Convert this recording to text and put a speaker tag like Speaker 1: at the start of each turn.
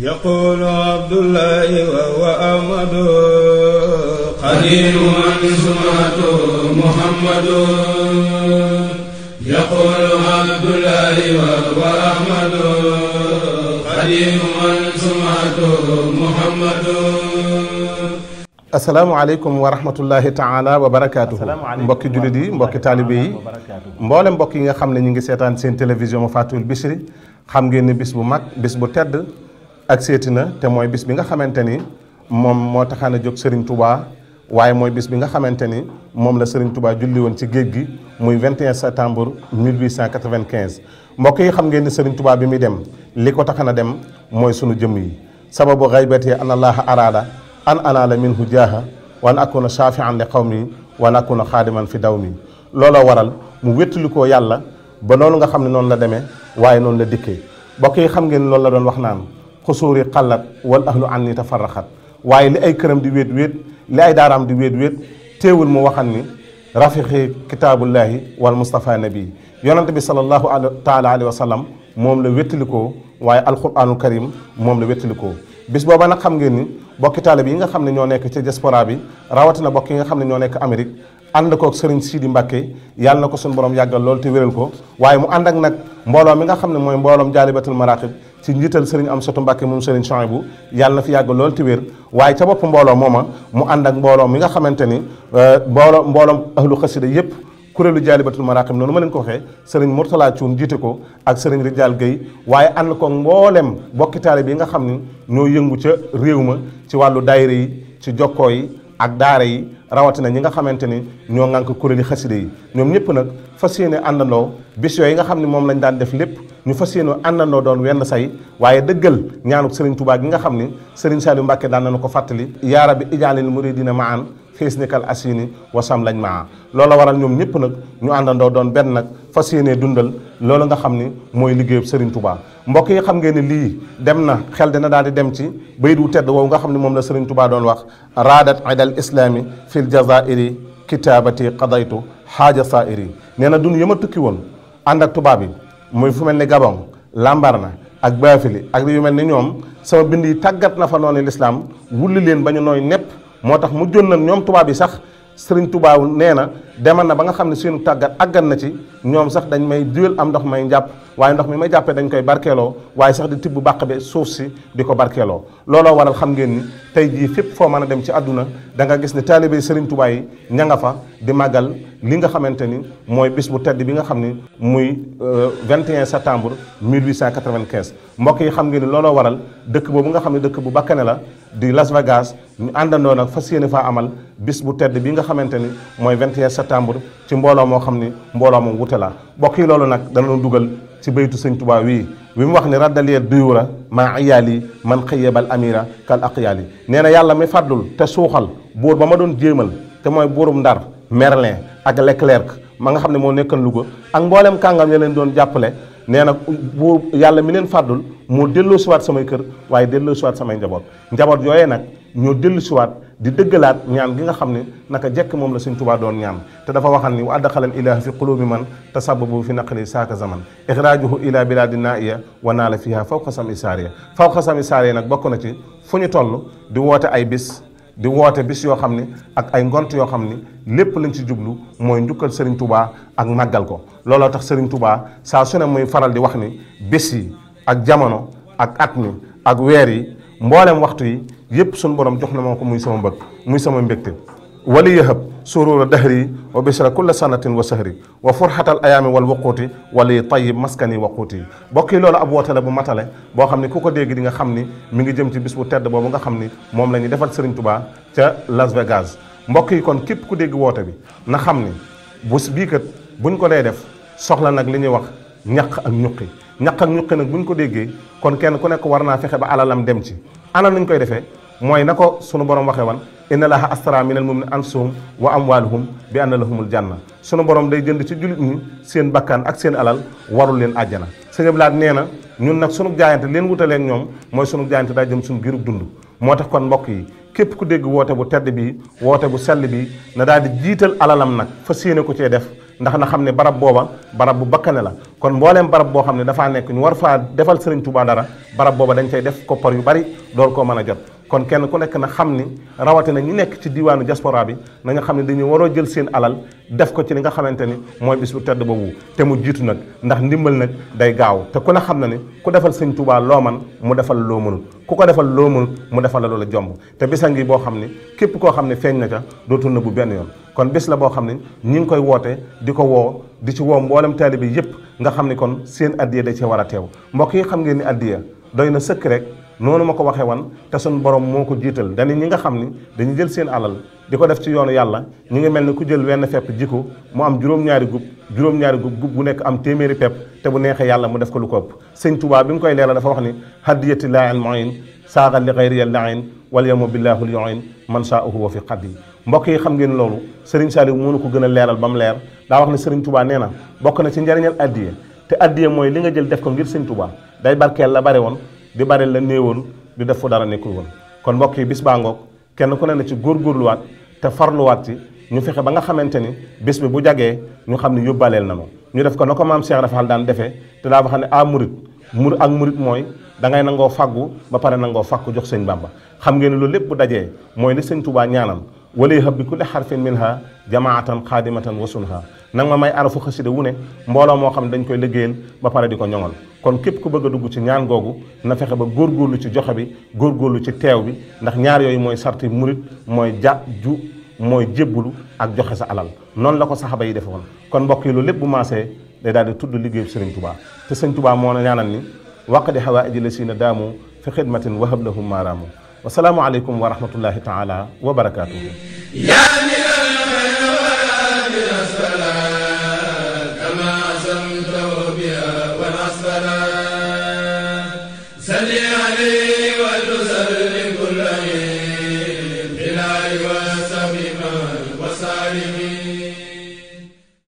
Speaker 1: يقول عبد الله وهو أحمد قليل من سمعته محمد يقول عبد الله wa rahmatullahi taala wa barakaatu mbokki jullit yi mbokki taalibe mboole mbokk yi nga xam ne ñu ngi seetaan seen mu Fathul Bichri xam ngeen ne bis bu mag bis bu tedd ak seeti na te mooy bis bi nga xamante ni moom moo taxaan a jóg sëriñ Touba waaye mooy bis bi nga xamante ni moom la Serigne tubaa julli woon ci géej gi muy 21 septembre 1895 mbokk yi xam ngeen ni Serigne Touba bi muy dem li ko taxaan a dem mooy sunu jëm yi sababu xaybati an allaha araada an anaala minhu jaaha wa an akuna shafian li qawmi wa an akuna xaadiman fi daw dawmi looloo waral mu wéttali ko yàlla ba loolu nga xam ne noonu la demee waaye noonu la dikkee mbokk yi xam ngeen loolu la doon wax naan xusuuri xallat wal ahlu an ni tafarraxat waaye li ay këram di wéet wéet li ay daaraam di wéet wéet téewul mu waxan ni rafixi kitaabullaahi wal mustapha nabi yonante bi salallahu taala alayhi wa sallam moom la wéttalikoo waaye alquranul karim moom la wéttalikoo bis booba nag xam ngeen ni bokki taalib yi nga xam ne ñoo nekk ci diaspora bi rawatina bokk yi nga xam ne ñoo nekk Amérique ànd kook sëriñ Sidi Mbacke yàlla na ko suñu borom yàggal loolu te wéral ko waaye mu ànd ak nag mbooloo mi nga ne mooy mbooloom jaalibatul maraqib ci njiital sëriñ am sotu Mbàkke moom sëriñ bu yàlla na fi yàgg loolu te wér waaye ca bopp mbooloo mooma mu ànd ak mbooloo mi nga xamante ni euh, mbooloo mbooloom ahlu xasida yëpp kuréelu jaalibatul maraqib noonu ma leen ko waxee sëriñ Mourtala Thioune jiite ko ak sëriñ Rijal Gueye waaye ànd ko mbooleem bokki taale bii nga xam ni ñoo yëngu ca réew ma ci wàllu daayira yi ci jokkoo yi ak daara yi rawatina ñi nga xamante ni ñoo ngànk kuréeli xaside yi ñoom ñëpp nag fas yéene àndandoo bis yooyu nga xam ne moom lañ daan def lépp ñu fas yéene àndandoo doon wenn say waaye dëggal ñaanuk Serigne tubaab yi nga xam ni Serigne Saliou Mbacké daan na nañu ko fàttali. yaara bi yaa rabbi ijaalil muridina maan xisnikal asini wasam lañ maa loola waral ñoom ñëpp nag ñu àndandoo doon benn nag fas yéenee dundal loolu nga xam ni mooy liggéeyub Serigne Touba mbokk yi xam ngeen lii dem na xel dina daal di dem ci bayit wu tedd woowu nga xam ne moom la Serigne Touba doon wax raadat idal islami fil jazairi kitaabati qadaytu xaaja saairi nee na dun yëma tukki woon ànd ak tubaab bi muy fu mel ni Gabon Lambaréné ak Bafili ak yu mel ni ñoom sama bind yi tàggat na fa noonu lislaam wulli leen ba moo tax mu jón na ñoom tubaab yi sax sëriñ Tuubaa nee na demal na ba nga xam ne seenu tàggat àggan na ci ñoom sax dañ may duel am ndox may njàpp waaye ndox mi ma jàppee dañ koy barkeeloo waaye sax di tibb bàq be suuf si di ko barkeeloo looloo waral xam ngeen ni tey jii fépp foo mën a dem ci àdduna danga gis ne taalibe Serigne Touba yi ña nga fa di màggal li nga xamante ni mooy bis bu tedd bi nga xam ni muy 21 euh, septembre 1895 mbokk yi xam ngeen ni looloo waral dëkk boobu nga xam ne dëkk bu bakkane la di Las Vegas ñu àndandoo nag fas yéene faa amal bis bu tedd bi nga xamante ni mooy 21 septembre ci mbooloo moo xam ni mbooloo moom wute la mbokk yi loolu nag dana dugal ci baytu sëñ Tuubaa wii wi mu wax ni raddaliet duyuura maa iyaali man xëy xëyebal amira kal aqyaali nee na yàlla mi fàddul te suuxal buur ba ma doon jéemal te mooy buurum ndar Merlin ak Leclerc ma nga xam ne moo nekkan Louga ak mboolem kàngam ya leen doon jàppale nee na buur yàlla mi leen fàddul moo dëlloo siwaat samay kër waaye siwaat samay njaboot njaboot yooyee nag ñoo siwaat di dëggalaat ñaan gi nga xam ne naka jekk moom la suñ tubaa doon ñaan te dafa waxal ni wa addaxalal ilaah fi qulubi man tasababu fi naqli saaka zaman ixraajuhu ila biladi naaiya wa naala fiha fawqa sami saariya fawqa sami saariya nag bokk na ci fu ñu toll di woote ay bis di woote bis yoo xam ne ak ay ngont yoo xam ne lépp lañ ci jublu mooy njukkal sëriñ tubaa ak màggal ko looloo tax sëriñ tubaa saa su ne muy faral di wax ni bis yi ak jamono ak at mi ak weer yi mboolem waxtu yi yëpp sunu boroom jox na moo ko muy sama mbëgg muy sama mbégte wali yahab surura dahri wa bisra kulla sanatin wa sahri wa furxatal ayaami wal waquuti wali tayib maskani waquuti yi bokk yi loolu ab woote la bu matale boo xam ni ku ko dégg di nga xam ni mi ngi jëm ci bis bu tedd boobu nga xam ni moom la ñuy defal Serigne Touba ca Las Vegas mbokk yi kon képp ku dégg woote bi na xam ni bés bii kat buñ ko dee def soxla nag li ñuy wax ñaq ak ñuqi ñaq ak ñuqi nag bu ñu ko déggee kon kenn ku nekk war naa fexe ba alalam dem ci ana nañ koy defee mooy na ko sunu borom waxee wan inna laaha astara minal mu'minina anfusahum wa amwaalahum bi anna lahumul janna sunu borom day jënd ci jullit ñi seen bakkaan ak seen alal warul leen àjjana sëñ Ablaat nee na ñun nag sunu jaayante leen wutaleek ñoom mooy sunu jaayante daa jëm suñu giirug dund moo tax kon mbokk yi képp ku dégg woote bu tedd bi woote bu sell bi na daal di jiital alalam nag fas yéene ko cee def ndax na xam ne barab booba barab bu bakkane la kon mbooleem barab boo xam ne dafaa nekk ñu war faa defal Serigne Touba dara barab booba dañ kay def koppar yu bari door koo mën a jot kon kenn ku nekk na xam ni rawatina ñi nekk ci diwaanu diaspora bi na nga xam ne dañu waroo jël seen alal def ko ci li nga xamante ni mooy bis bu tedd boobu te mu jiitu nag ndax ndimbal nag day gaaw te ku ne xam na ne ku defal Serigne Touba loo man mu defal loo mënul ku ko defal loo mënul mu defal la loola jomb te bisa boo xam ne képp koo xam ne feeñ na ca dootul na bu benn yoon kon bés la boo xam ne ñi ngi koy woote di ko woo di ci woo mboolem taalibe yépp nga xam ne kon seen addiya da cee war a teew mbokk yi xam ngeen ni addiya doy na sëkk rek noonu ma ko waxee wan te suñ borom moo ko jiital dañu ñi nga xam ni dañu jël seen alal di ko def ci yoonu yàlla ñu ngi mel ni ku jël wenn fepp jiko mu am juróom-ñaari gub juróom-ñaari gub gub bu nekk am téeméeri pepp te bu neexee yàlla mu def ko lu ko ëpp sëñ Tuubaa bi mu koy lee dafa wax ni hadiyati laa saaga li xayri yal naayin wal moo billaahu lyoin man saa uhu wa fi xaddi mbokk yi xam ngeen loolu Serigne Saliou mënu ko gën a leeral ba mu leer daa wax ne Serigne tubaa nee na bokk na ci njariñal addiye te addiye mooy li nga jël def ko ngir Serigne Touba day barkeel la bare woon di bare la néewoon di def fu dara nekkul woon kon mbokk yi bis baa ngoog kenn ku ne na ci góorgóorluwaat te farluwaat ci ñu fexe ba nga xamante ni bis bi bu jagee ñu xam ne yóbbaaleel na ma ñu def ko na ko maam Cheikh Rafal daan defee te daa wax ne a ah, murit mur ak murit mooy da ngay nangoo faggu ba pare nangoo fàkku jox sëñ Bàmba xam ngeen ne loolu lépp bu dajee mooy li sëñ ku ñaanal xar hab bi kulli xarfin minha jamaatan xaadimatan wasunha nang ma may arafu xasida wu ne mbooloo moo xam ne dañ koy liggéeyal ba pare di ko ñoŋal kon képp ku bëgg a dugg ci ñaan googu na fexe ba góorgóorlu ci joxe bi góorgóorlu ci teew bi ndax ñaar yooyu mooy sarti murit mooy jàpp ju mooy jébbulu ak joxe sa alal noonu la ko saxaba yi defe woon kon mbokk yi lépp bu maasee day daal di tudd liggéeyu sëriñ Tuubaa te sëñ Tuubaa moo ñaanal ni waqdi hawaaiji la siina daamu fi xidmatin wahab lahum maaraamu wasalaamu aleykum wa rahmatullahi taala wa barakaatuhu